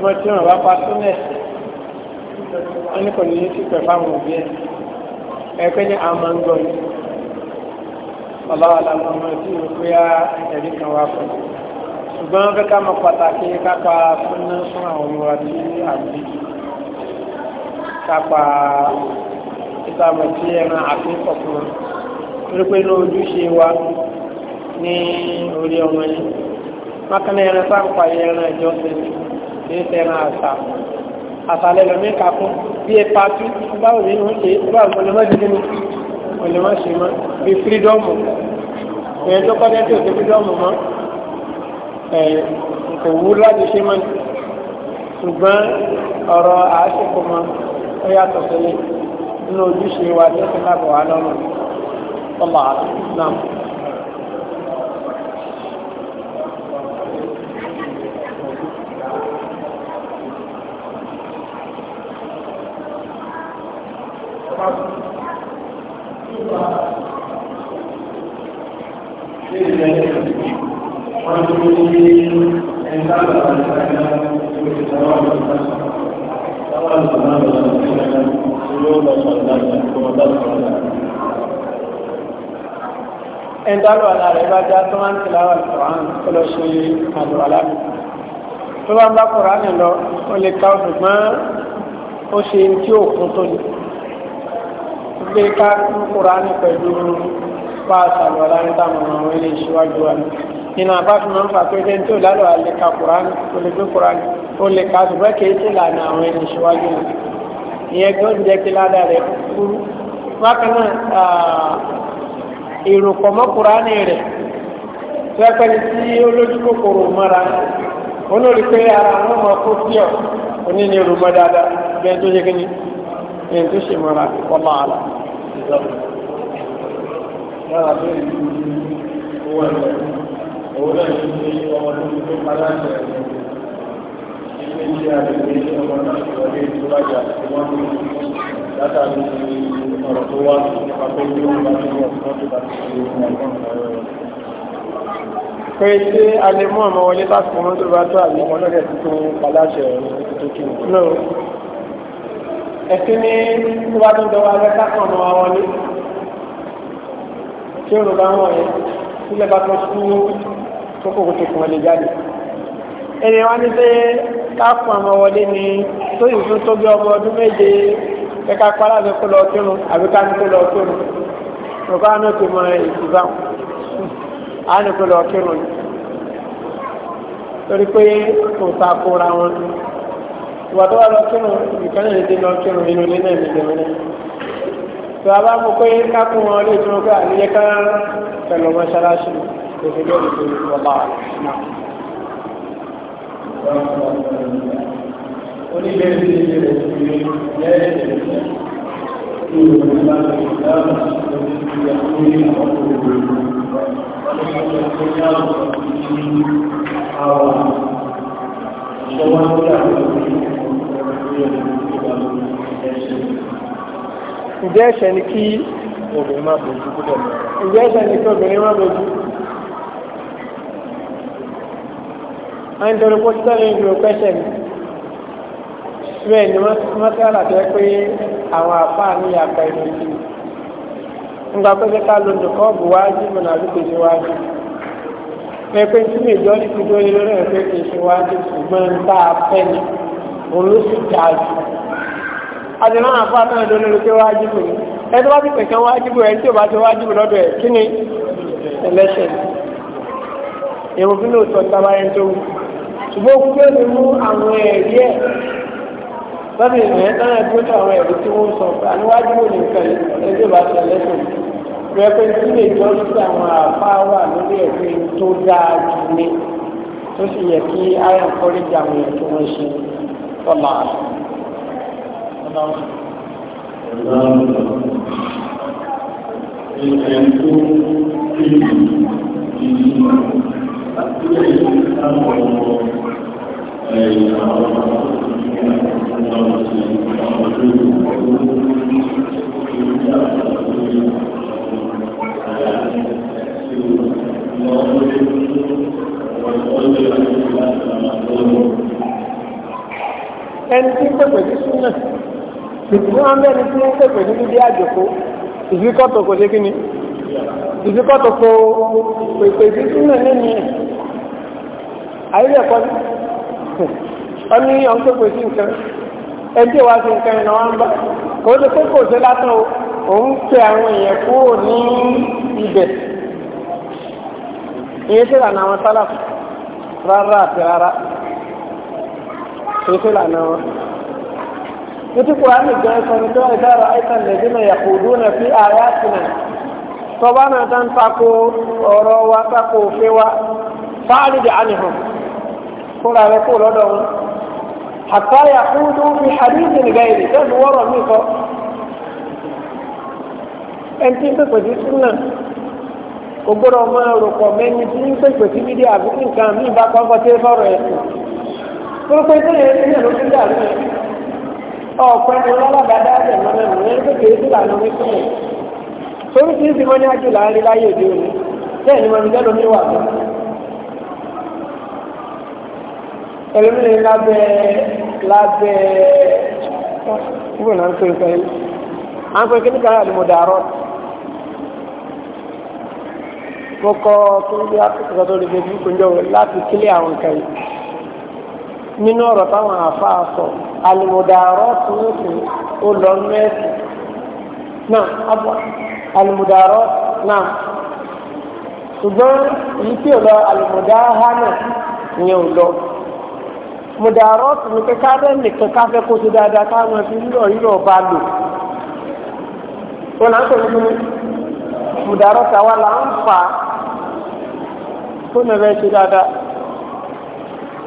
ọmọ tí wọn bá pa sínú ẹsẹ wọn ní kò ní sí pẹ fáwọn òbí ẹ ẹgbẹ ní àwọn máa ń gbọ́ yìí ọlọ́wọ́lá ọmọ tí wọn pé á ẹ̀rí kan wá fún un ṣùgbọ́n wọn fẹ́ ká mọ pàtàkì kápá súnná fún àwọn ọmọ wa tí àbí kápá ìtàbọ̀ tí ẹran àti ọ̀fun wọn torí pé inú ojúṣe wa ní orí ọmọ yìí mákànnà ẹran sáà ń pa ẹran ẹjọ́ sẹ́yìn kìí fẹ́ràn àṣà àṣàlẹ̀ lọ mẹ́ka fún bí ẹ pàtó báwo ni wọ́n ṣe báwo ni wọ́n ṣe mọ́ wọ́n lè má ṣe mọ́ bí fírídọ́ọ̀mù ẹ̀yẹn tó kọ́jẹ́ tí ò sí fírídọ́ọ̀mù mọ́ ẹ̀yìn kò wú láti ṣe mọ́ ṣùgbọ́n ọ̀rọ̀ àásìkò mọ́ ó yàtọ̀ sílẹ̀ nínú ojúṣe wa tí ó ti lọ́rùn ọlọ́ àlọ́ náà. máa ń tìláwà kùránì ó lọ ṣe àlọ́ aláàbò tó bá ń bá kùránì lọ ó lè ka ṣùgbọ́n ó ṣe tí ó kún tó ní gbé ká ń kùránì pẹ̀lú pa àṣàlọ́ aláàbò táwọn ọmọ ilé ìṣíwájú wa ní nínú abáfimọ́ ń fà pé ṣe tí ó lálọ́ àlè ka kùránì ó lè gbé kùránì ó lè ka ṣùgbọ́n kì í lànà àwọn ẹni ìṣíwájú ìyẹn gbọ́n jẹ́ kí ládàá rẹ̀ kúrú bákan náà kùránì rẹ̀ sẹ́pẹ́ni tí olójú kòkòrò mọ́ra olórí pé ara wọn mọ̀ kó sí ọ̀ oní ní olùmọ dáadáa bẹ́ẹ̀ tó yẹ kíni bẹ́ẹ̀ tó ṣe mọ́ra ọmọ àlà. látàrí ọ̀rọ̀ tó wá nípa pé bí wọ́n bá ti ṣe ìwọ̀n ọ̀rọ̀ pé ṣé a lè mú ọmọ wọlé láti mọ́ tó bá tó àbí ọmọ lọ́dẹ̀ tuntun paláṣẹ tuntun náà ẹ̀sìn ní tó bá tó ń dọwọ́ alẹ́ kákan ọmọ wa wọlé tí òun bá wọ̀ yẹn sílẹ̀ bá tó kú tó kòkò tó kùn ọ́ lè jáde ẹni wá ní pé kákan ọmọ wọlé ni tó yìí tó tó bí ọmọ ọdún méje kẹ́kẹ́ apá láti kó lọ kírun àbí ká ní kó lọ kírun nǹkan á ní kó kwee torí pé kò takora wọn ìwà tó wà lọ kírun nìkan náà ti lọ ilé náà tó a bá mú pé kákún wọn lè tún pé àníyẹ ká pẹ̀lú mọ́ṣáláṣí kò lórí tó bá náà. ti ṣe Ǹjẹ́ ẹ̀ṣẹ̀ ni kí obìnrin máa bòjú kúrò mọ́? ẹ̀ṣẹ̀ ni kí obìnrin máa bòjú? A ń dọ̀rọ̀ pọ́ títọ́ lórí ìlú pẹ́ṣẹ̀ ni. ni wọ́n nígbà pé ká lo nìkọ́ọ̀bù wájú mọ̀ náà lókè sí wájú pé pé tí mi ìjọ nípa ìjọ ilé rẹ̀ pé kì í ṣe wájú ṣùgbọ́n ń tá a fẹ́ ni òun ló sì dá jù àdìmọ́ àfa náà ló lórí pé wájú mọ̀ ni ẹni tó bá ti pèsè wájú mọ̀ ẹni tí ò bá ti wájú mọ̀ lọ́dọ̀ ẹ̀ kí ni ẹlẹ́ṣẹ̀ ni èrò bí lóòótọ́ tábáyé tó ṣùgbọ́n ó gbé mi mú àwọn ẹ̀rí ẹ̀ sọ́bì ìrìnàjò náà dúró ní àwọn ẹ̀rí tí wọ́n sọ pé àníwájú ò ní nǹkan ẹgbẹ́ bá ti ẹlẹ́sìn rẹ pé tí lè jọ sí àwọn àfáà wà lórí ẹ̀rí tó dáa jù ní tó sì yẹ kí ayọ̀ kọ́lẹ́jì àwọn èèyàn tó wọ́n ṣe tọ́lá Thank you. pèpè ní bíbí àjòkó kò ṣe kí ni kò pèpè sínú ẹ̀ ọ ní ọ̀n pèpè sí nǹkan ẹbí wa sí nǹkan ìnà wọn bá kò ṣe pé kò ṣe o òun pè àwọn èèyàn kúrò ní ibẹ̀ ìyẹn tí lànà àwọn rárá àti rárá títí kùránì gan ẹ̀sọ́ ní tó ẹ̀dá ọ̀rọ̀ àìsàn lẹ́dínà yàkùdú náà fi àyà sinà tọ́ba náà tán tako ọ̀rọ̀ wa tako òfin wa fáàlì dì ànìhàn kóra rẹ̀ ya lọ́dọ̀ wọn. ya yàkùdú fi hadithi nìgbà yìí tẹ́lu wọ́rọ̀ mi kọ́ ẹni tí ń pèpè sí súnà kò gbọ́dọ̀ máa rò pọ̀ mẹ́ni tí ń pèpè sí bídí àbí nǹkan mí ọ̀pẹ ni lọ́lọ́dàdá rẹ̀ lọ́nà ìwọ̀n ẹni pé kìí sílà lọ wípé rẹ̀ torí kìí sí mọ́ní àjò láàrin láyé òde òní bẹ́ẹ̀ ni wọn ní lẹ́nu mi wà lọ. ẹlòmíì lábẹ́ lábẹ́ gbọ́dọ̀ náà ń pè é pẹ́ẹ́lú à ń pè é kí ní káyà ni mo dàárọ̀ mo kọ́ kí ní bí a tó sọ́dọ̀ lè fi kúnjọ́ láti kílé àwọn kan yìí nínú ọ̀rọ̀ táwọn àáfàá sọ àlùmọ̀dàrọ́ tó ń sè ó lọ nú ẹ̀sìn náà abọ́ àlùmọ̀dàrọ́ náà ṣùgbọ́n èyí tí ò lọ àlùmọ̀dàhánà yẹn ò lọ mọ̀dàrọ́ tó ní kẹ́kẹ́ abẹ́ nìkan káfẹ́ kó tó dáadáa káwọn fi rírọ̀ rírọ̀ bá lò wọn náà tẹ̀lé fún mi mọ̀dàrọ́ tàwa là ń fà á tó nà ṣe dáadáa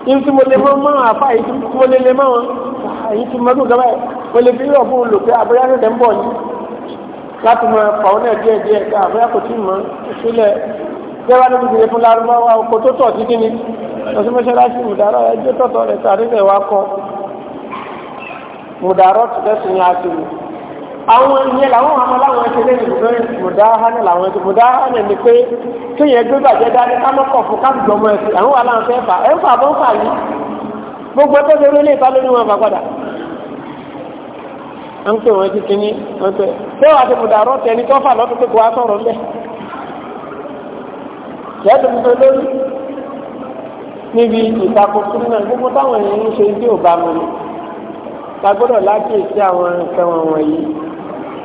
yìí tí mo lè mọ́ mọ́ àfá yìí tí mo lè lè mọ́ wọn àyí tí mọ́tò gaba yìí mo lè fi yọ̀ fún olùkọ́ àbúyá tẹ̀tẹ̀ ń bọ̀ yìí láti mọ pàwọn náà díẹ̀ díẹ̀ ká àbúyá kò tí mọ́ ìfilẹ̀ jẹ́wá níbi ìdílé fún lárúbáwá oko tó tọ̀ sí kíni lọ́sí mọ́ṣáláṣí mùdárọ̀ ẹjọ́ tọ̀tọ̀ rẹ̀ tàbí àwọn ìyẹn làwọn àmọ́ láwọn ẹsẹ̀ lẹ́yìn ìgbẹ́ mùdáhánà làwọn ẹsẹ̀ mùdáhánà ni pé tó yẹ gbé bàjẹ́ dání kámọ́kọ̀ fún káàdùgbò ọmọ ẹsẹ̀ àwọn fẹ́ fà ẹ̀ ń fà bọ́ ń fà yìí gbogbo ẹgbẹ́ tó lé ìbá lórí wọn fà à ń pè wọ́n ti kíní wọ́n pẹ́ pé wàá ti mùdàrọ́ tẹ ẹni tó fà lọ́tún pé kò wá sọ̀rọ̀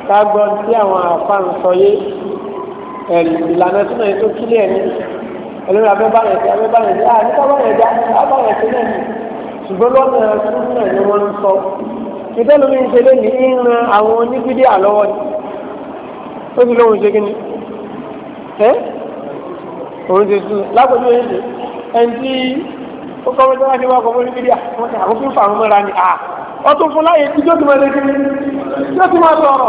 kágbọ́ tí àwọn àfáà ń sọ yé ìlànà tí wọ́n yẹ tó kílẹ̀ ní ẹlẹ́rìí abẹ́bàyẹ̀ tí abẹ́bàyẹ̀ tí àà nípa báyẹ̀ tí abẹ́bàyẹ̀ tí náà ṣùgbọ́n lọ́nà ẹ̀sùn náà ni wọ́n ń sọ ìtẹ́lómi ń ṣe lé ní ìran àwọn oníbídí àlọ́wọ́ ni ó ti lóhun ṣe kíni ẹ́ òun ti sùn lápòjú ẹ̀yìn ṣe ẹni tí ó kọ́ mẹ́tọ́ láti wá kọ́mọ́ oníbídí àwọn fífa àwọn mọ́ra ni à ọ tún fún láyé tí yóò ti máa lé kíni yóò ti máa sọ̀rọ̀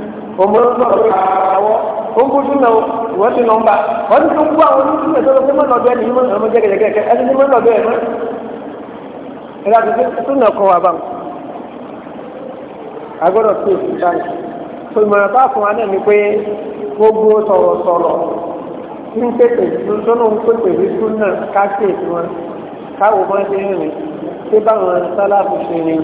ọmọ ọlọ́run àwọ̀ ó ń kú sínú wọ́n ti nọ́mbà wọ́n ti tún kú àwọn oníṣẹ́ ìṣòro pé mọ́nà ọ̀dọ́ ẹni ní mọ́nà ọmọ jẹ́gẹ́jẹ́gẹ́ ẹni ní mọ́nà ọ̀dọ́ ẹ̀ mọ́ ẹ̀rọ àti sínú ọkọ̀ wa báwọn. agbọ́dọ̀ tó oṣù báyìí tó ìmọ̀ràn bá fún wa náà ni pé gbogbo sọ̀rọ̀sọ̀rọ̀ ń pèpè lọ́nà ń pèpè ní súnà káṣíyèsí wọn káwọn máa ń ṣe rìn ṣé báwọn sálà fi ṣe rìn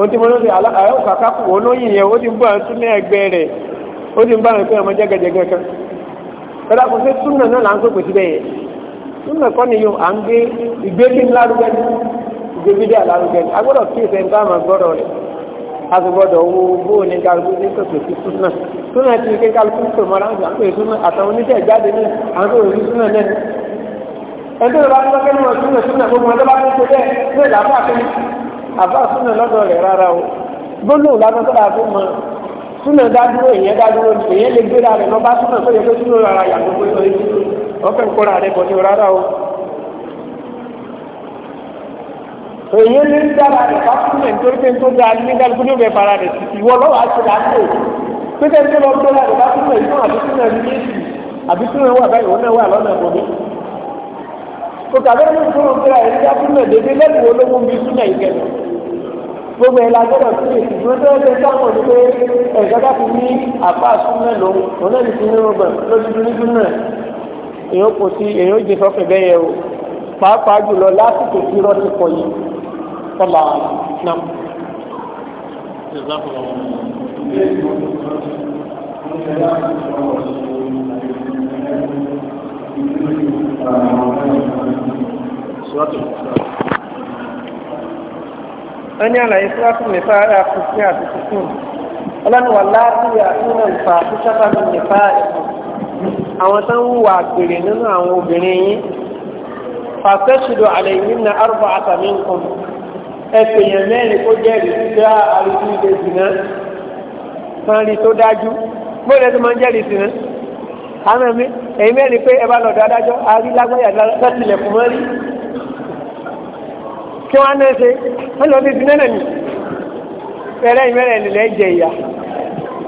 o ti mọ́nà sí àyọ̀ kàkàkù olóyìn yẹn ó ti bá ń súnmọ́ ẹgbẹ́ rẹ̀ ó ti bá ń pẹ́ ọmọ jẹ́gẹ́jẹ́gẹ́ kan ẹ̀dá kò sí súnmọ́ náà là ń pèpè síbẹ̀ yẹn súnmọ́ kọ́ ni yóò à ń gbé ìgbésí lárugẹ ní ìgbébídé àlárugẹ ní agbọ́dọ̀ kí ìfẹ́ bá àmà gbọ́dọ̀ rẹ̀ a sì gbọ́dọ̀ wo bó ní kálukú ní pèpè sí súnmọ́ súnmọ́ ti ké kálukú pè mọ́ra ń pè súnmọ́ àtàwọn oníṣẹ́ ìjáde ní àwọn àbá súnà lọ́dọ̀ rẹ̀ rárá o gbólóhùn lásán tó dáa fún mọ súnà dádúró èèyàn dádúró ni èèyàn lè gbéra rẹ̀ lọ́ba súnà tó yẹ kó súnà rárá yàtọ̀ pé ó yẹ ọ̀fẹ́ nkóra rẹ̀ bọ̀ ní rárá o. èèyàn lè dára rẹ̀ bá súnà nítorí pé tó dáa ní dálùkú ní òbẹ̀ fara rẹ̀ títí wọ́n lọ́wọ́ àti láńpẹ́ pété tó lọ gbéra rẹ̀ bá súnà ìtàn àbí ní kòtà lórí ìṣòro pé àìríyá súnmọ̀ débi lẹ́nu olówó mi súnmọ̀ ìkẹlẹ̀ gbogbo ẹ̀la gbọ́dọ̀ sí èsì tó tẹ́ ẹ́ sáwọn ní pé ẹ̀ka káfí ní àpá súnmọ̀ lòun òun náà ní sí nínú ọgbà lójúdú ní súnmọ̀ èèyàn kò sí èèyàn jẹ sọ́kẹ̀ bẹ́ẹ̀ yẹ o pàápàá jùlọ lásìkò tí rọ́ọ̀tì pọ̀ yìí tọ́lá náà. Thank you ẹni àlàyé síwájú nípa ara fífún àti fífún ọlọ́nuwà láàbíyà nínú ìfà fífáfá ní nípa ẹ̀kọ́ àwọn tó ń wùwà àgbèrè nínú àwọn obìnrin yín fàtẹ́sùdù àlẹ́yìn ní arúgbó àtàmì nǹkan ẹ̀sìn yẹn mẹ́rin kó jẹ́rìí sí àrùkú ilé ìdìnnà sanri tó dájú bóyá tó máa ń jẹ́rìí sí náà èyí mẹ́rin pé ẹ bá lọ́dọ̀ adájọ́ àrí lágbáyà láti ilẹ̀ fún mọ́rí kí wọ́n á náà ṣe wọ́n lọ bí sinẹ́nà ni ẹ̀rẹ́ ìmẹ́rẹ̀ nílẹ̀ jẹ ìyá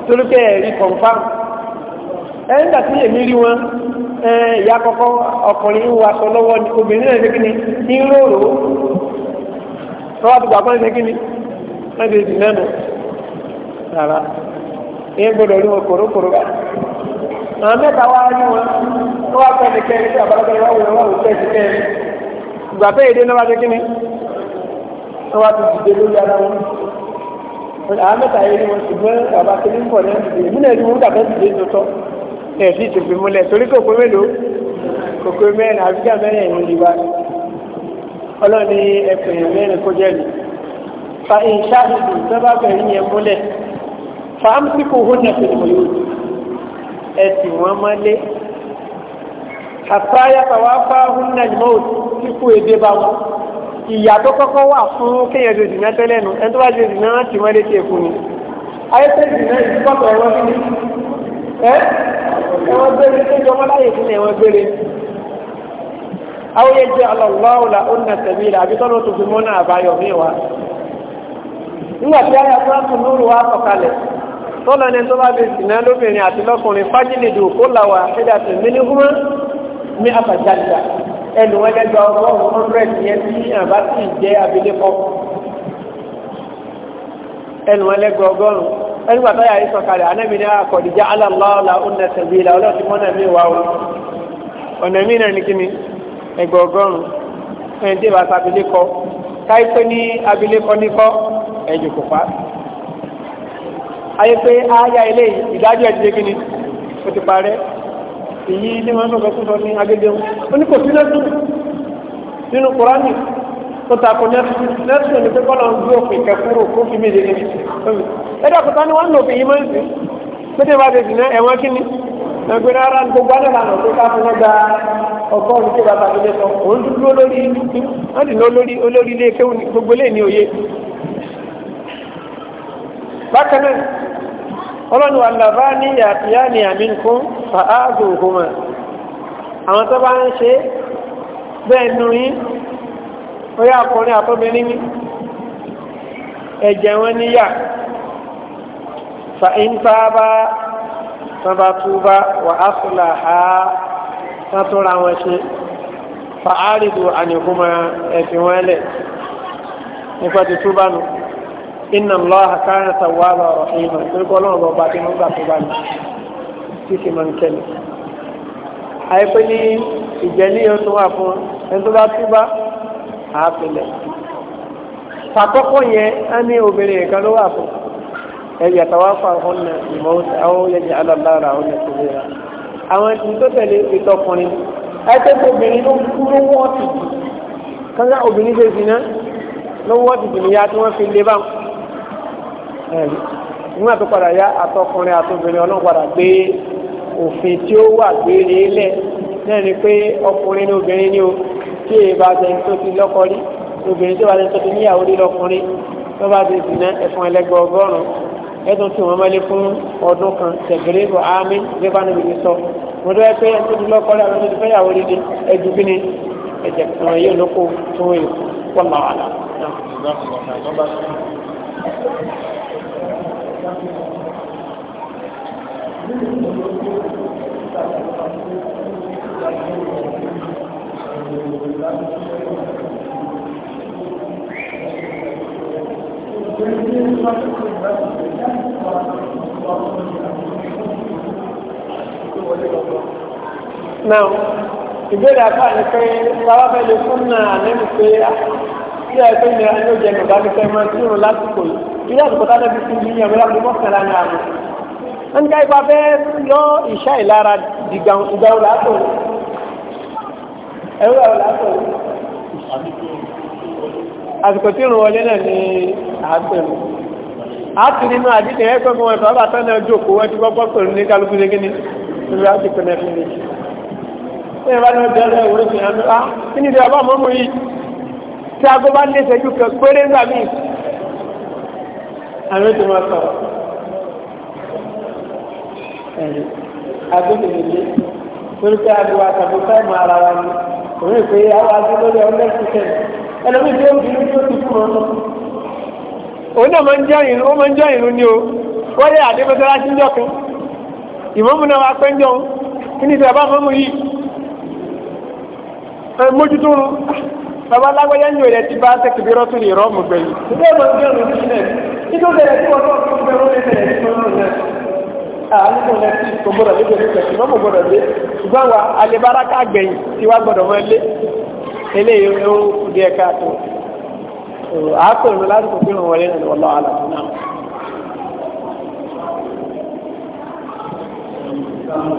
torí pé ẹ̀rí kọ̀ǹfàm ẹ̀ ń dàtí èmi rí wọn ìyá kọ́kọ́ ọkùnrin ń waṣọ lọ́wọ́ obìnrin náà ṣe kí ni ń róró lọ́wọ́ àti ṣe kí ni wọ́n ti sinẹ́nà rárá ìyẹn gbọ́dọ̀ rí wọn kòrókòró àwọn mẹ́ta wá rí wọn tó wá pẹ́ nìkẹ́rin tí àbálọ́gbẹ́ wá wọ̀ wọ́n pẹ́ sí kẹ́rin ìgbà pé èdè náà wá dé kíni tó wá ti dìde lórí ara wọn àwọn mẹ́ta yìí rí wọn ṣùgbọ́n bàbá kìíní ń bọ̀ náà dìde èmi náà rí wọn gbà bẹ́ẹ̀ dìde tó tọ́ ẹ̀ sì ti fi múlẹ̀ torí kòkó mélòó kòkó mẹ́rin àbíjà mẹ́rin ìhun ìwà ọlọ́run ní ẹ̀pìn mẹ́rin kó jẹ́ mi fa ìṣáàdùn ẹ̀sì wọn mọ́lé àtàyàtà wá bá húnnà ìmọ̀ọ́t tí èdè bá wọn ìyà tó kọ́kọ́ wà fún kéèyàn ṣe ìdìnnà tẹ́lẹ̀ nù ẹni tó bá ṣe ìdìnnà ti mọ́lé ti èkó ni ayẹ́tẹ́ ìdìnnà ìdíkọ̀tọ̀ ẹ̀rọ ní ẹ́ ẹ̀wọ̀n gbére tó jọmọ́ láyè fún ẹ̀wọ̀n gbére awo yẹ jẹ alọlọwọla ọna la àbí tuntun mọ́nà àbáyọ̀ mi wa nígbà tí a yà fún wa tọ́lọ ní tó bá fi sìnà lóbìnrin àti lọ́kùnrin fájìlìdù kó làwà ẹ̀dà tó mí ní húmọ́ ní àfàjáde ẹnu ẹlẹ́gbẹ́ ọgọ́rùn-ún hundred yẹn tí àbá sì jẹ́ abilékọ ẹnu ẹlẹ́gbẹ́ ọgọ́rùn-ún ẹnu bàtà yà ìsọ̀ kalẹ̀ anẹ́mìnira àkọ̀dìjà alàlọ́ọ̀lá ọ̀nà tẹ̀bílà ọlọ́ọ̀tí mọ́nà mi wà ó ọ̀nà mi náà ní kíni ẹgbẹ́ ọgọ́rùn-ún ẹni tí bàtà ní abilékọ níkọ́ ẹ̀jù kò pa. ayé pé ááyá ilé ìdájọ́ ẹ̀dìdẹ́ gini o ti parẹ́ èyí ní wọn lọ́gbọ́ tó sọ ní agége onye ní kò sí nẹ́sù nínú kùránì tó takò nẹ́sù ní ń kó fi méje ni wọ́n lò fi yí máa ń sìn pété bá ti sìn ẹ̀wọ̀n ni ẹgbẹ́ rárá ní gbogbo alẹ́ lànà tó ká fún ọgbà ọgọ́rùn-ún tó bàtà tó lé sọ òun bákan náà ọlọ́ni wà làbá ní yàtíyá ní àmìnkún fa'áàzù òhùnmà àwọn tó bá ń ṣe bẹ́ẹ̀ nù yí ó yá ọkùnrin àtọ́bìnrin ní ẹ̀jẹ̀ wọn níyà fa'ínfà bá sábà túbá wà nípa ti túbá inna allaha kana tawwaba rahima torí kọ́ lọ́wọ́ bá tí wọ́n gbà tó bá ní tí sì máa ń kẹ́lẹ̀. àìpé ní ìjẹ́líyàn tó wà fún ẹni tó bá túbá àápilẹ̀. pàkọ́kọ́ yẹn á ní obìnrin nìkan ló wà fún ẹ̀yà tàwa fà fún nà ìmọ̀ àwọn yẹ̀jẹ̀ alábára àwọn yẹn tó léra. àwọn ẹ̀sìn tó tẹ̀lé ìtọkùnrin ẹ̀sẹ̀ tó obìnrin ló kúrò wọ́ọ̀tì kankan obìnrin ṣe sí náà ló wọ́ọ̀tì jìnnìyà ẹ̀rí nígbà tó padà yá àtọkùnrin àtobìnrin ọlọ́run padà gbé òfin tí ó wà gbére lẹ̀ náà ni pé ọkùnrin ni obìnrin ni o tí èyí bá jẹun tó ti lọ́kọ rí obìnrin tó bá jẹun tó ti níyàwó rí lọkùnrin tó bá ti dìnnà ẹ̀fọn ẹlẹ́gbẹ́ ọgọ́rùn-ún ẹ̀dùn tí wọ́n mọ́lé fún ọdún kan tẹ̀gbẹ́rẹ́ bọ̀ ámì bí bá níbi ti sọ mo dọ́ pé tó ti lọ́kọ rí àwọn tó ti fẹ́ yàwó rí ni ẹ̀jú bí ni ẹ̀jẹ̀ kan yóò wọ́n yìí Now, ìbéèrè àpá ni pé bàbá fẹ́ lè fún náà lẹ́nu pé kí ẹ pé ìnira ni ó jẹ nù bá mi fẹ́ máa tí òun lásìkò yìí. Ilé àtùkọ́tà náà fi fi yíyan mi láti ní àná ń ká ipa fẹ́ yọ ìṣá ìlara ìgbà wo látò ẹ̀rọ ìgbà wo látò àsìkò tí ìrùn wọlé náà ni àápẹ̀rù àti nínú àdíjẹ̀ ẹ̀kọ́ fún ẹ̀fọ́ àbá tán náà jókòó wọ́n ti gbọ́gbọ́ pẹ̀lú ní kálukú ṣe gíní lórí àti pẹ̀lẹ́ fún mi ṣé ìbá náà bẹ̀rẹ̀ ìwúrí fi hàn á ah, kí ni ìdíyàbá mọ́mú yìí tí aago bá ní ìṣẹ́jú kan péré ńgbà míì àwọn ètò máa sọ̀rọ̀ nǹkan yìí agbẹ́lẹ̀lẹ́lẹ́ torí pé agbẹ́wà tàbí fáìmù ara wa ni òun ìpè àwọn agbẹ́lẹ́lẹ́ ọ̀lẹ́ ṣiṣẹ́ ẹlẹ́mìí tó ń bí ní tó ti fún ọ òun náà máa ń jẹ́ ìrún ó máa ń jẹ́ ìrún ni o wọ́n yẹ àdébẹ́tẹ́lá sí ìjọ kan ìmọ̀mù náà wá pẹ́ ń jọun kí ni ìjọba mọ́mù yìí mójútó rún bàbá alágbáyá ń lò rẹ̀ ti bá tẹ́kìbírọ́ tó lè rọ́ọ̀mù gbẹ̀yìn. ìjọba ìjọba ìjọba ìjọba ìjọba àánú ah, lẹ́sí tó gbọ́dọ̀ lé pẹ̀lú pẹ̀lú mọ́mọ́ gbọ́dọ̀ lé ṣùgbọ́n wa alẹ́báraka gbẹ̀yìn tí wá gbọ́dọ̀ mọ́ lé eléyìí ó di ẹ̀ka tó àákòrò láti kò fihàn wọlé nínú ọlọ́ àlàfo náà. Thank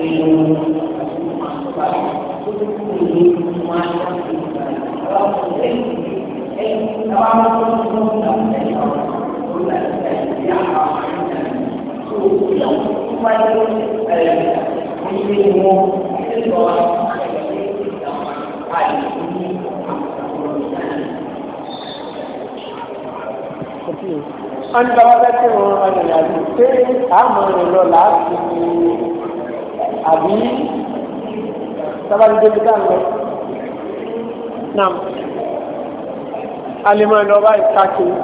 you. Anibawabẹ tí wọn ọ̀nà ìrìnàjò pé àmọ́ ìrìnlọ làásìkò àbí sábà ní débi ká ń lọ. Nam alimọ̀ ẹ̀ lọ́ba ìkáàkiri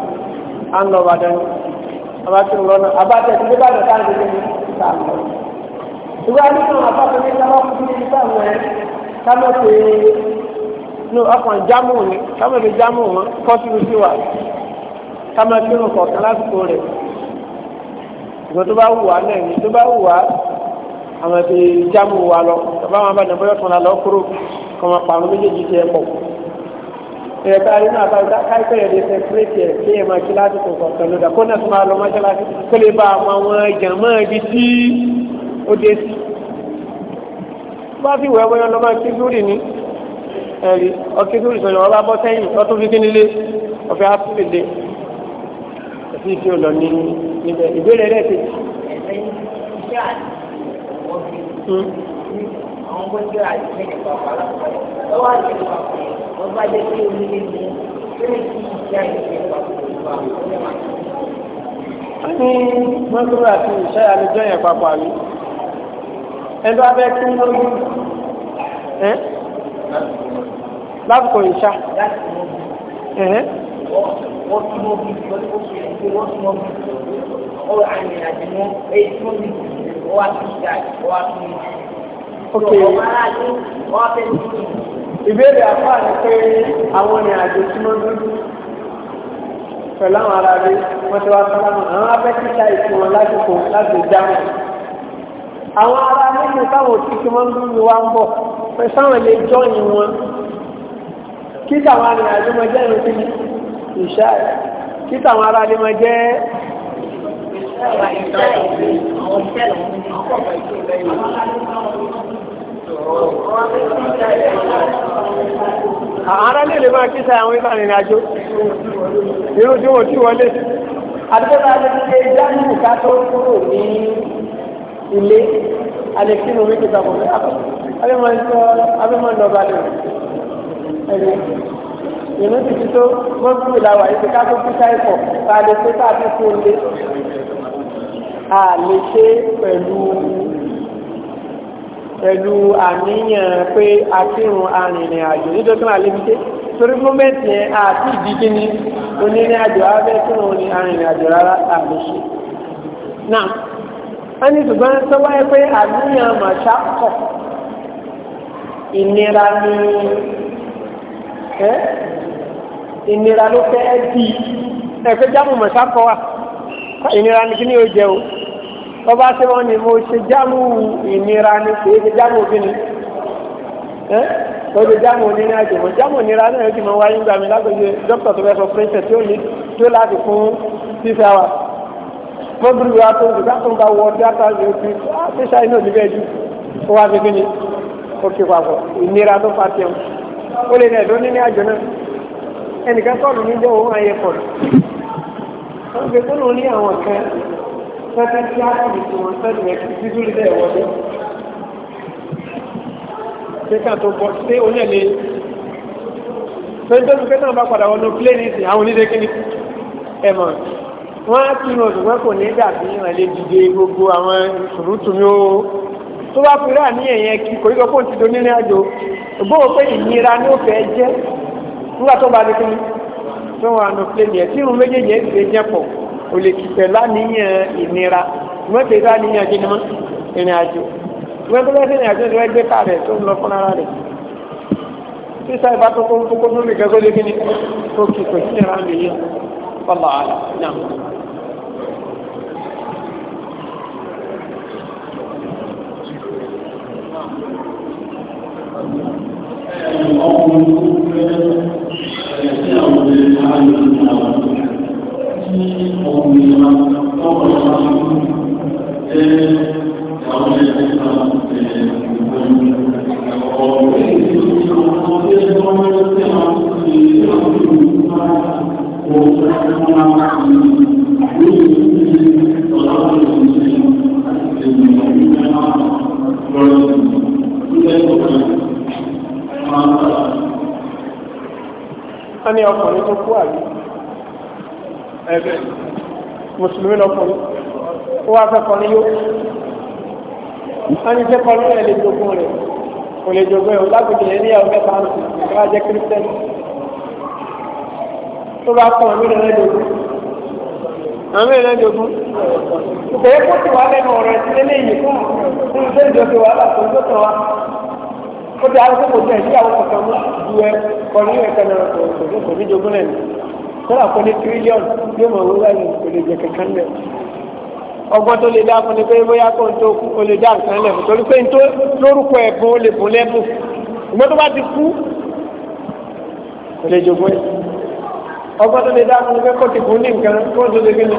à ń lọ Ìbàdàn. Àbátí ń lọ náà àbátí ẹ̀ ti dé bàdàn káàkiri débi ká ń lọ. Ìwé àdúgbò àbátí ní sábà kú ní ìgbà mọ̀ ẹ́ kámẹ́ pé ní ọkàn jámù ni kámẹ́ pé jámù wọn kọ́sìrì sí wa kámẹ́ pé nǹkan kan lásìkò rẹ̀. Ìgbà tó bá wù wá náà ni tó bá wù wá àwọn ẹbí jáàmù wa lọ bàbá wọn bá nà bóyá fúnra lọ kúrò kọ́ máa pàrọ̀ méjèèjì tiẹ̀ pọ̀ ẹ̀rẹ̀ bá rí náà bá káìpẹ́ yẹn lè fẹ́ pírẹ́tì ẹ̀ kí ẹ̀ máa kí láti kò kọ̀ọ̀kan lódà kó náà tún máa lọ mọ́ṣáláṣí kó lè bá àwọn àwọn ẹ̀jẹ̀ mọ́ ibi tí ó dé sí. bá fi wẹ̀ wẹ́yọ́ lọ́mọ kí lórí ni ẹ̀rí ọkí lórí sọ̀rọ̀ ọba bọ́ sẹ́yìn ọtún fi kíni ọ̀fẹ́ ápùlẹ̀ lé ẹ̀sìn tí ní ibẹ̀ ìbéèrè rẹ̀ ti àwọn ọmọ ìjọ àti mẹ́rin pàpà lọ́wọ́ àti mẹ́rin pàpà wọ́n bá jẹ́ pé onílé ni lórí kí ìjà ìṣẹ̀lẹ̀ pàpà wà ní mọ́tòrò àti ìṣẹ́ àlejò yẹn papọ̀ àmì ẹni wá bẹ́ẹ̀ kí ló yí ẹ́ lásìkò ìṣá ẹ̀hẹ́ wọ́n tún mọ́ bí wọ́n tún mọ́ bí wọ́n tún mọ́ bí ọ̀rọ̀ àmì àjẹmọ́ èyí tún mọ́ bí ó wá sí ìgbà ó wá sí ìbéèrè àpá ni pé àwọn ni àjò tí wọ́n dúdú pẹ̀lú àwọn ará rí wọ́n ti wá sálámù àwọn abẹ́kíta ìfún wọn lásìkò láti jámù àwọn ará nínú táwọn òtítí wọ́n dúdú wá ń bọ̀ pé sáwọn lè jọyìn wọn kí táwọn arìnrìn àjò máa jẹ́ ìrìn síbi ìṣá kí táwọn ará lè máa jẹ́ ìṣá ìṣá ìṣá Àárá lè lè máa kíta àwọn ìfà ìrìn àjò, irú tí wọ́n tí wọlé. Àdúgbò àti ṣe ìdánimù ká tó kúrò ní ilé, Alexinu Wiki Sabo, abẹ́mọ̀ lọ́ba lè rí. Ìrú ti ti tó, wọ́n kúrò láwà, ìpè ká tó kú sáìpọ̀, ká lè pé ká tó kú ilé a lè ṣe pẹ̀lú pẹ̀lú àníyàn pé a kírun arìnrìn àjò nítorí wọn àlè fi ṣe torí gómẹ̀ntì yẹn àti ìdíjí ni onírìn àjò abẹ́ kírun ní arìnrìn àjò rárá a lè ṣe náà a ní ṣùgbọ́n tó wáyé pé àníyàn màṣá kọ̀ ìnira ni ìnira ló fẹ́ di ẹ̀fẹ́ jámù màṣá kọ̀ wà ìnira ni kí ni yóò jẹ o bọ́bá ṣe wọ́n ni mo ṣe jámù ìnira ni kì ṣe jámù kí ni ẹ́ o ṣe jámù onírìn àjò mọ̀ jámù ìnira náà yóò ti mọ wáyé gbà mí lágbègbè dókítà tó fẹ́ sọ pẹ́ńtẹ̀ tí ó ní tí ó láti fún six hours fọ́bùrù wa tó ń gbé káàtó ń bá wọ dáta yóò fi ṣáà iná òní bẹ́ẹ̀ jù ó wá fi kí ni ó kí papọ̀ ìnira tó fa tiẹ̀ o lè ẹnìkan sọ̀rọ̀ níjọ́ òun àyẹ̀kọ̀ọ̀ wọ́n gbé gbọ́nà ní àwọn kan sẹ́tẹ́ tí a sì tún wọn sẹ́tẹ́ rẹ̀ kí títú rí bẹ́ẹ̀ wọlé. ṣé ká tó bọ́ ṣé oní ẹ̀lẹ́ pẹ́ńtẹ́ pípẹ́ náà bá padà wọnú pléènì sí àwọn onílé kíní ẹ̀ mọ̀ wọ́n á ti rìn òṣùwọ́n kò ní dàbí ìrànlẹ́ dìde gbogbo àwọn ìṣòrútù ní ó tó bá fi rà ní ẹ̀yẹn kí kò yíkọ́ kó ti do nílé àjò ògbóhùn pé ìnira ní ó fẹ́ jẹ́ nígbà tó bá dé kíní tó wà nù pléènì ẹ̀ tí irun méjèèjì ẹ̀ ti jẹ́ pọ̀ ò lè kìtẹ̀ láníyàn ìnira mọ́tò ìdá níyàn kí ni mọ́ ìrìn àjò ìwé tó lẹ́sìn ìrìn àjò ìwé gbé ká rẹ̀ tó ń lọ fún ara rẹ̀ sísá ìbá tó kó kó lórí gẹ́gẹ́ lé kíni tó kì kò sí ìrìn àjò yìí wàlá àlà náà. Thank you. ọkùnrin tó kú àyè ẹgbẹ́ mùsùlùmí lọkùnrin ó wá fẹ́ kọrin yó wọ́n ní sẹ́ kọrin rẹ̀ lè jogún rẹ̀ kò lè jogún rẹ̀ lágbègbè yẹn ní ìyàwó mẹ́ta ń sùn kí wọ́n jẹ́ kírísítẹ́nì tó bá kọ́ ọ̀mí rẹ̀ lẹ́jọ́gún ọ̀mí rẹ̀ lẹ́jọ́gún kò yẹ kó ti wà lẹ́nu ọ̀rọ̀ ẹ̀ sílé léyìí fún fún ṣé ìjọ ti wà láti ọjọ́ kan wa ó ti àrùn kókò jẹ́ ìyàwó kankan mú ju ẹ kọrin rẹ̀ kan náà kò ní jogún rẹ̀ nìyí kọ́lá kọ́ ní tírílíọ̀nù yóò mọ̀ wúrà yìí kò lè jẹ kankan lẹ̀. ọgbọ́n tó lè dá fún ni pé bóyá kó n tó kú o lè dá nǹkan lẹ̀ torí pé n tó lórúkọ ẹ̀bùn o lè bùn lẹ́bùn ìgbọ́n tó bá ti kú kò lè jogún ẹ̀. ọgbọ́n tó lè dá fún ni pé kó ti bùn ní nǹkan kó n tó lè gbìn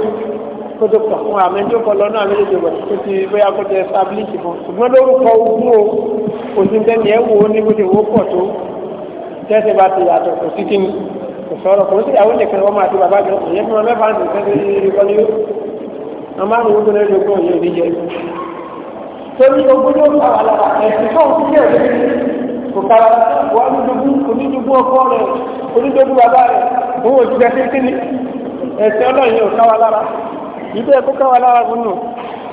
kó tó kọ̀ fún àmì tó kọ lọ́nà àmì lójú ìgbà tó ti bóyá kó ti establish fún ṣùgbọ́n lórúkọ ogún o kò sí tẹ́ni ẹ̀ wò ó ní bó ti wò ó pọ̀ tó tẹ́sí bá ti yàtọ̀ kò sí kíni kò sọ̀rọ̀ kò sí ìyàwó nìkan ọmọ àti bàbá jọ ìyẹn fún ọmọ mẹ́fà nìkan ní ìrìkọ́ni yó ọmọ àrùn ogun lórí ogun òye òní jẹ torí ogun ló fà wà lára ẹ̀sìn fún òkú jẹ́ òní kò kára wà onídùgbù onídùgbù ọkọ rẹ̀ onídùgbù bàbá rẹ̀ owó òṣìṣẹ́ kékeré ẹ̀sìn ọlọ́yin ò káwa lára ìdí ẹ̀kọ́ káwa lára fún nù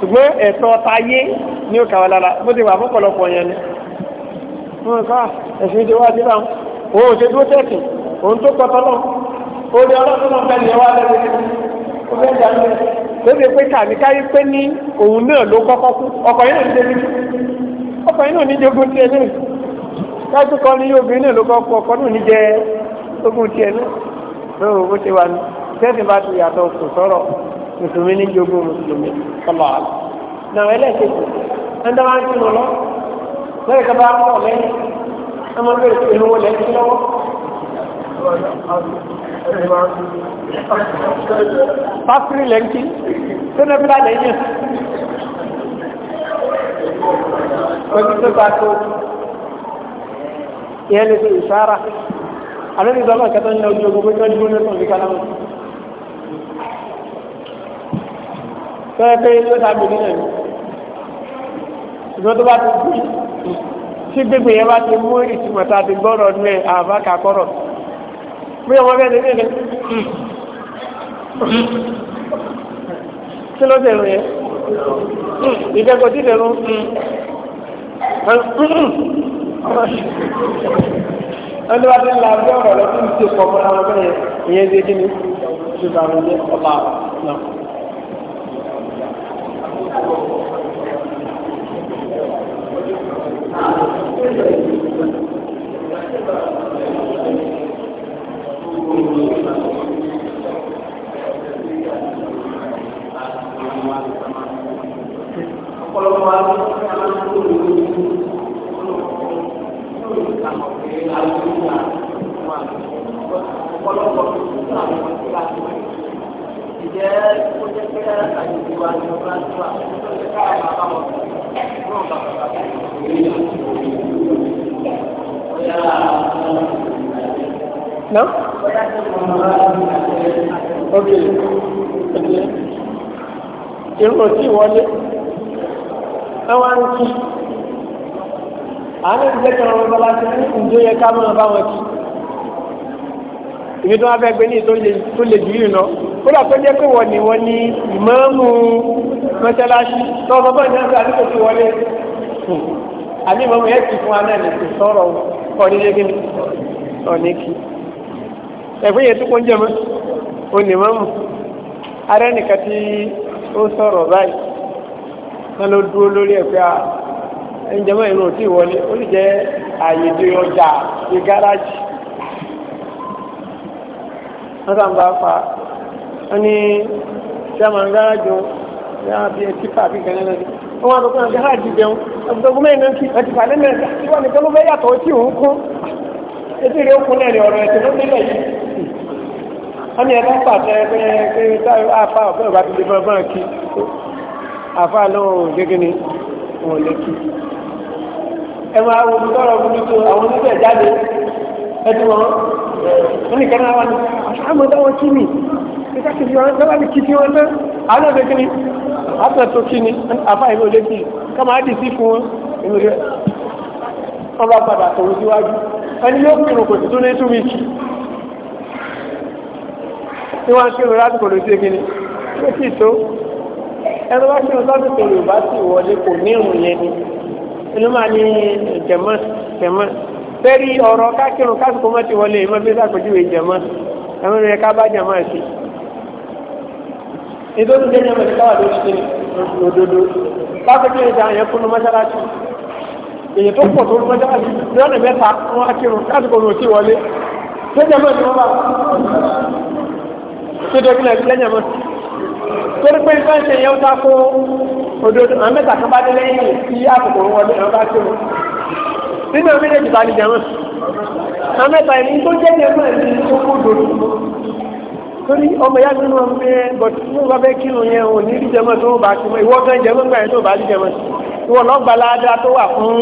ṣùgbọ́n ẹ̀tọ́ tayé ní ó káwa lára bó ti wà fún pọ̀lọpọ̀ yẹn ni wọ́n ká ẹ̀sìn ìjọba ti bá òun ò ṣe dúró tẹ̀sìn òun tó kọtọ náà ó di ọlọ́dún náà fẹ́ yẹn wá lẹ́nu ó fẹ́ jà lẹ́nu lóde pé kàní káyé pé ní òun náà ló kọ́kọ́ kú ọkọ̀ yìí náà ń débi ọkọ̀ yìí náà ní jogún tiẹ̀ náà káyọ̀ kọ́ ní obìnrin náà ló kọ́kọ́ kú ọkọ̀ náà ní jẹ ogún tiẹ̀ náà lóò ó ti wà ní sẹ́ẹ̀sì bá ti yàtọ̀ kò sọ̀rọ̀ mùsùlùmí ní jogún mùsùlùmí kọ́lọ̀ àlọ́ náà ẹlẹ́ẹ̀kejì ẹ̀ńdá máa ń tún lọ lọ́ọ̀rẹ́ kaba ọ̀lẹ́yìn ọmọ bẹ̀rẹ̀ ìlú wọlé ń lọ́wọ́ Fásitì lẹ́ńkì, tó lẹ́bí lálẹ́ yẹn. Ojú tó bá tó, ìyẹn lè fi ìṣára. Àlọ́ni ìdọ́lọ́ kẹta ń yẹ ojú ogun gbẹ́jọ́ dúró ní ọ̀sán ìkàlá wọn. Tọ́lẹ́ pé ló dàgbé nínú ẹ̀mí. Ìgbọ́n bí ọmọ bẹ́ẹ̀ lórí rẹ̀ kí ló dé rẹ̀ ìdẹ́gbẹ́ tí dẹ̀rù ẹni wá dẹ́nu làbí ọ̀rọ̀ lọ́dún tí kọ̀ọ̀kan àwọn ọmọ bẹ́ẹ̀ yẹn ìyẹn ti kí ni ṣùgbọ́n náà. irú òtí wọlé ẹwà ń kí àwọn ẹgbẹ́ kan wọn bá láti ní ìjọ yẹ ká máa bá wọn kí ibi tó wọn fẹ́ gbé ní tó lè jù yìí lọ kódà tó jẹ́ pé wọ́n ní wọ́n ní ìmáàmù mọ́ṣáláṣí tó ọmọ bọ́ọ̀ ní ọ̀sẹ̀ àdúgbò ti wọlé àbí ìmáàmù yẹn kì fún wa náà lè sọ̀rọ̀ ọ̀ní lé gíní ọ̀ní kì ẹ̀fún yẹn tó kó ń jẹ mọ́ onímọ̀mù arẹ́nìkan ó sọ̀rọ̀ báyìí wọ́n ló dúró lórí a ẹ̀ǹjẹ̀ ìrún òtí ìwọlé ó lè jẹ́ ààyè bí ọjà gáràjì wọ́n bá fa wọ́n ní sẹ́wọ̀n gáràjì wọn bí ẹtí pàbí gánà wọn wọ́n ní ẹ̀dá pàṣẹ pé àfa ọ̀fẹ́ ìbá ti lè fọ́n fọ́n kí àfa náà gẹ́gẹ́ ni wọ́n lè kí. ẹ máa wo ní tọrọ burú tó àwọn oníṣẹ́ jáde ẹtù wọn wọ́n ní kẹ́nà wọn àmọ́ dáwọn kí ni nígbà tí wọ́n dábàá ní kí tí wọ́n tán àwọn ọ̀dọ́ kí ni àtúntò tó kí ni àfa ìlú olè kí ká máa dì sí fún wọn ìlú rẹ̀ wọ́n bá padà tòun síwájú ẹni yóò kírun kò sí tó ní túmí kí tí wọ́n ń kírun lásìkò ló ṣe kíni ó sì tó ẹnu bá kírun lásìkò yorùbá sì wọlé kò ní ìrùn yẹn ni inú máa ní eh, jẹ̀mọ́ jẹ̀mọ́ fẹ́rí ọ̀rọ̀ kákírun kásìkò mọ́ ti wọlé ìmọ̀ bí sàkójúwe jẹ̀mọ́ ẹ̀mọ́ rẹ̀ ká bá jẹ̀mọ́ sí nítorí jẹ́ jẹ́mọ́ ti káwà lórí kíni òdodo lásìkò yẹn jà yẹn kúnnú mọ́ṣáláṣí èyí tó pọ̀ tó mọ́ṣáláṣí lọ́nà mẹ́ta wọn kírun kásìkò ló ti wọlé jẹ́jẹ́ mọ́ ti wọ́n bá tó dẹ́kun ẹ̀sìn lẹ́yìn ọmọ torí pé nǹkan ṣe yẹn ó ta kó òdodo àwọn mẹ́ta kan bá dé lẹ́yìn tí àkókò ń wọlé àwọn bá tó nínú àwọn méjèèjì bá ní jẹun àwọn mẹ́ta ẹni tó jẹ́ jẹ́ mọ́ ẹni tó kó dòdò torí ọmọ ìyá nínú ọmọ ẹ bọ̀tí ní wọn bẹ kírun yẹn ò ní rí jẹmọ tó bá ti mọ ìwọ gan jẹmọ gbà yẹn tó bá rí jẹmọ ìwọ lọgbàládá tó wà fún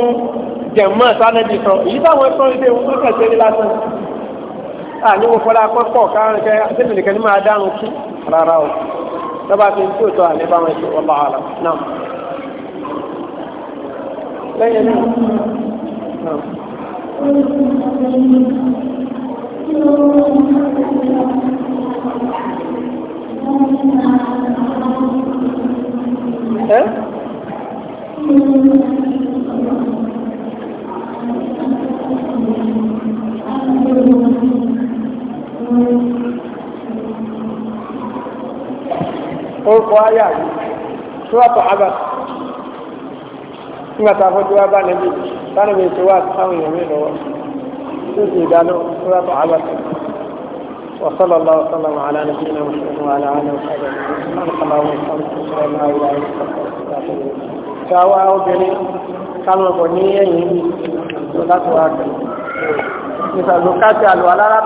jẹmọ sánẹbì sọ èyí táwọn sọ ilé wọn tó kẹsẹ ní lásán àní mo fọlá pẹ́pọ̀ káàrin kẹ́ àtẹ́mi nìkan ní máa dáhùn kú rárá o lọ́ba fi tí ò tọ́ àní bá wọn ṣe wọ́n bá ara náà. lẹ́yìn náà. Ẹ́ Thank you. orúkọ ayà yìí sọ́wọ́tọ̀ abà nígbà tá a fọ́jú wá bá níbi sáré mi ti wá sáwọn èèyàn mi lọ́wọ́ tó sì dáná sọ́wọ́tọ̀ abà وصلى الله وسلم على نبينا محمد وعلى اله وصحبه اجمعين سبحانك اللهم وبحمدك اشهد ان لا اله الا انت استغفرك واتوب اليك káwá obìnrin káwọn ọkọ̀ ní ẹ̀yìn tó láti wá kẹ́ ìsàlùkátì àlùwàlára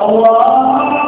Allah